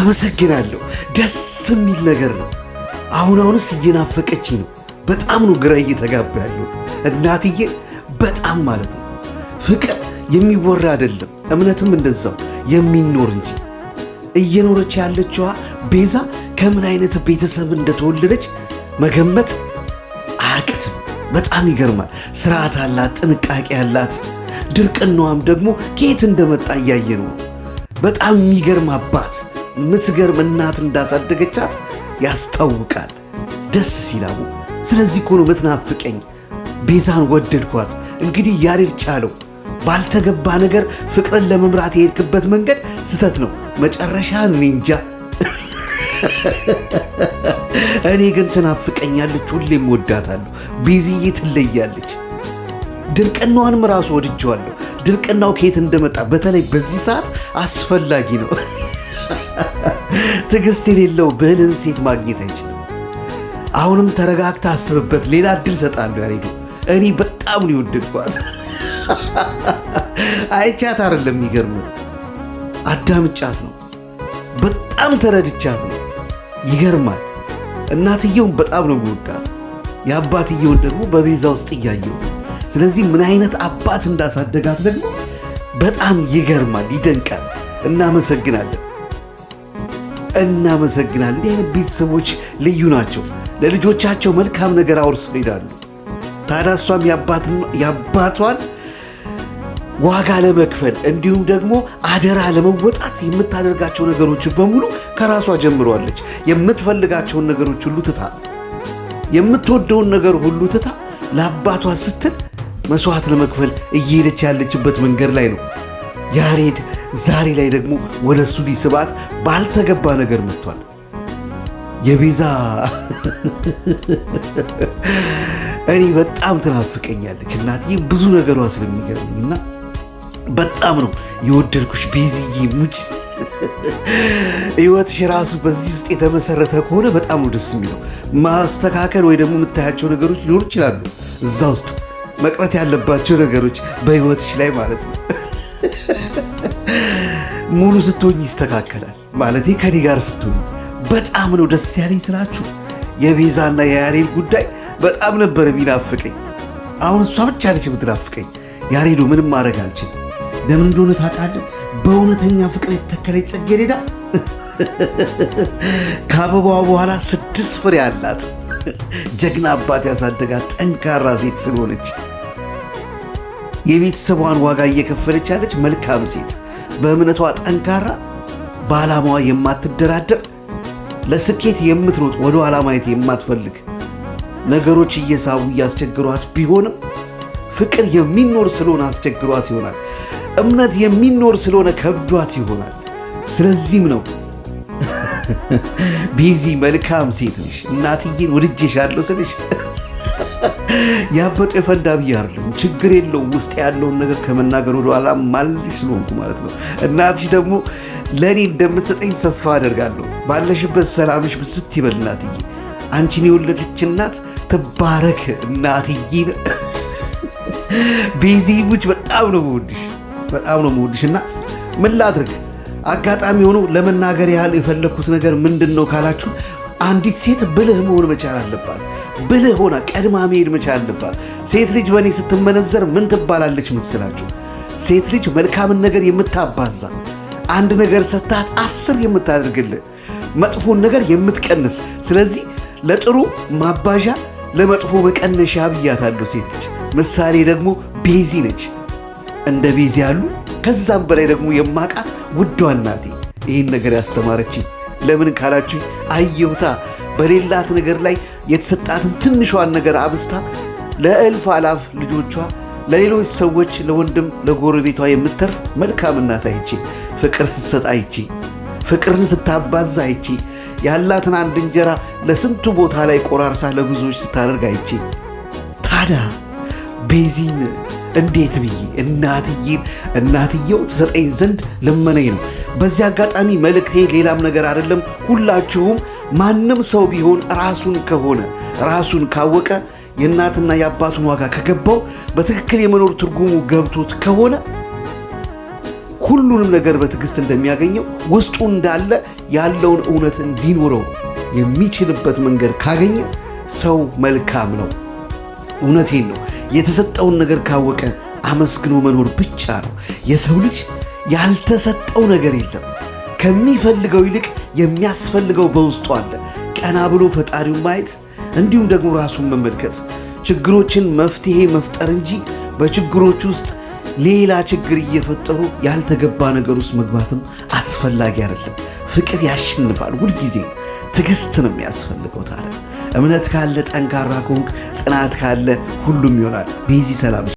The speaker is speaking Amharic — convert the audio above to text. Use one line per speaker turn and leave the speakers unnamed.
አመሰግናለሁ። ደስ የሚል ነገር ነው። አሁን አሁንስ እየናፈቀች ነው። በጣም ነው ግራ እየተጋባ ያለሁት እናትዬ፣ በጣም ማለት ነው። ፍቅር የሚወራ አይደለም፣ እምነትም እንደዛው የሚኖር እንጂ እየኖረች ያለችዋ ቤዛ ከምን አይነት ቤተሰብ እንደተወለደች መገመት አያቅትም። በጣም ይገርማል። ስርዓት አላት፣ ጥንቃቄ አላት። ድርቅናዋም ደግሞ ከየት እንደመጣ እያየ ነው። በጣም የሚገርም አባት የምትገርም እናት እንዳሳደገቻት ያስታውቃል። ደስ ይላሉ። ስለዚህ እኮ ነው ምትናፍቀኝ። ቤዛን ወደድኳት። እንግዲህ ያሬድ ቻለው ባልተገባ ነገር ፍቅርን ለመምራት የሄድክበት መንገድ ስተት ነው። መጨረሻ እኔ እንጃ። እኔ ግን ትናፍቀኛለች፣ ሁሌም ወዳታለሁ። ቤዝዬ ትለያለች። ድርቅናዋንም ራሱ ወድጀዋለሁ። ድርቅናው ከየት እንደመጣ በተለይ በዚህ ሰዓት አስፈላጊ ነው። ትዕግስት የሌለው ብህልን ሴት ማግኘት አይችልም። አሁንም ተረጋግታ አስብበት፣ ሌላ እድል ሰጣለሁ። ያሬዱ እኔ በጣም ነው የወደድኳት። አይቻት አይደለም የሚገርም አዳምጫት ነው። በጣም ተረድቻት ነው። ይገርማል። እናትየውን በጣም ነው የሚወዳት፣ የአባትየውን ደግሞ በቤዛ ውስጥ እያየሁት። ስለዚህ ምን አይነት አባት እንዳሳደጋት ደግሞ በጣም ይገርማል፣ ይደንቃል። እናመሰግናለን። እናመሰግናል። እንዲህ አይነት ቤተሰቦች ልዩ ናቸው። ለልጆቻቸው መልካም ነገር አውርሰው ይሄዳሉ። ታዲያ እሷም የአባቷን ዋጋ ለመክፈል እንዲሁም ደግሞ አደራ ለመወጣት የምታደርጋቸው ነገሮች በሙሉ ከራሷ ጀምሯለች። የምትፈልጋቸውን ነገሮች ሁሉ ትታ፣ የምትወደውን ነገር ሁሉ ትታ ለአባቷ ስትል መስዋዕት ለመክፈል እየሄደች ያለችበት መንገድ ላይ ነው ያሬድ ዛሬ ላይ ደግሞ ወደ እሱ ሊስባት ባልተገባ ነገር መጥቷል። የቤዛ እኔ በጣም ትናፍቀኛለች እናትዬ ብዙ ነገሯ ስለሚገርመኝ እና በጣም ነው የወደድኩሽ ቤዝዬ ሙጭ ህይወትሽ ራሱ በዚህ ውስጥ የተመሰረተ ከሆነ በጣም ነው ደስ የሚለው። ማስተካከል ወይ ደግሞ የምታያቸው ነገሮች ሊኖሩ ይችላሉ። እዛ ውስጥ መቅረት ያለባቸው ነገሮች በህይወትሽ ላይ ማለት ነው። ሙሉ ስትሆኝ ይስተካከላል። ማለቴ ከኔ ጋር ስትሆኝ በጣም ነው ደስ ያለኝ ስላችሁ። የቤዛና የያሬድ ጉዳይ በጣም ነበር የሚናፍቀኝ። አሁን እሷ ብቻ ነች የምትናፍቀኝ። ያሬዱ ምንም ማድረግ አልችልም። ለምን እንደሆነ ታውቃለህ? በእውነተኛ ፍቅር የተተከለች ጽጌረዳ ከአበባዋ በኋላ ስድስት ፍሬ አላት። ጀግና አባት ያሳደጋት ጠንካራ ሴት ስለሆነች የቤተሰቧን ዋጋ እየከፈለች ያለች መልካም ሴት በእምነቷ ጠንካራ፣ በዓላማዋ የማትደራደር፣ ለስኬት የምትሮጥ ወደ ኋላ ማየት የማትፈልግ፣ ነገሮች እየሳቡ እያስቸግሯት ቢሆንም ፍቅር የሚኖር ስለሆነ አስቸግሯት ይሆናል። እምነት የሚኖር ስለሆነ ከብዷት ይሆናል። ስለዚህም ነው ቤዚ መልካም ሴት ነሽ፣ እናትዬን ወድጄሻለሁ ስልሽ ያበጡ የፈንዳ ብዬ አይደለም። ችግር የለውም ውስጥ ያለውን ነገር ከመናገር ወደ ኋላ ስለሆንኩ ማለት ነው። እናትሽ ደግሞ ለእኔ እንደምትሰጠኝ ተስፋ አደርጋለሁ። ባለሽበት ሰላምሽ ብስት ይበል እናትዬ። አንቺን የወለደች እናት ትባረክ እናትዬ። ቤዚሙች በጣም ነው መውድሽ፣ በጣም ነው መውድሽ። እና ምን ላድርግ አጋጣሚ ሆኖ ለመናገር ያህል የፈለግኩት ነገር ምንድን ነው ካላችሁ አንዲት ሴት ብልህ መሆን መቻል አለባት። ብልህ ሆና ቀድማ መሄድ መቻል ነበር። ሴት ልጅ በእኔ ስትመነዘር ምን ትባላለች መስላችሁ? ሴት ልጅ መልካምን ነገር የምታባዛ አንድ ነገር ሰታት አስር የምታደርግልህ መጥፎን ነገር የምትቀንስ ስለዚህ ለጥሩ ማባዣ ለመጥፎ መቀነሻ ብያታለሁ። ሴት ልጅ ምሳሌ ደግሞ ቤዚ ነች። እንደ ቤዚ ያሉ ከዛም በላይ ደግሞ የማቃት ውዷ እናቴ ይህን ነገር ያስተማረችኝ ለምን ካላችሁ አየሁታ በሌላት ነገር ላይ የተሰጣትን ትንሿን ነገር አብዝታ ለእልፍ አላፍ ልጆቿ ለሌሎች ሰዎች ለወንድም ለጎረቤቷ የምትተርፍ መልካም እናት አይቼ ፍቅር ስትሰጥ አይቼ ፍቅርን ስታባዛ አይቼ ያላትን አንድ እንጀራ ለስንቱ ቦታ ላይ ቆራርሳ ለብዙዎች ስታደርግ አይቼ ታዲያ ቤዚን እንዴት ብዬ እናትዬን እናትየው ትሰጠኝ ዘንድ ልመነኝ ነው። በዚህ አጋጣሚ መልእክቴ ሌላም ነገር አይደለም። ሁላችሁም ማንም ሰው ቢሆን ራሱን ከሆነ ራሱን ካወቀ የእናትና የአባቱን ዋጋ ከገባው በትክክል የመኖር ትርጉሙ ገብቶት ከሆነ ሁሉንም ነገር በትዕግስት እንደሚያገኘው ውስጡ እንዳለ ያለውን እውነት እንዲኖረው የሚችልበት መንገድ ካገኘ ሰው መልካም ነው። እውነቴን ነው። የተሰጠውን ነገር ካወቀ አመስግኖ መኖር ብቻ ነው። የሰው ልጅ ያልተሰጠው ነገር የለም። ከሚፈልገው ይልቅ የሚያስፈልገው በውስጡ አለ። ቀና ብሎ ፈጣሪውን ማየት እንዲሁም ደግሞ ራሱን መመልከት ችግሮችን መፍትሄ መፍጠር እንጂ በችግሮች ውስጥ ሌላ ችግር እየፈጠሩ ያልተገባ ነገር ውስጥ መግባትም አስፈላጊ አይደለም። ፍቅር ያሸንፋል። ሁልጊዜ ትዕግስት ነው የሚያስፈልገው ታዲያ እምነት ካለ፣ ጠንካራ ከሆንክ፣ ጽናት ካለ ሁሉም ይሆናል። ቢዚ ሰላም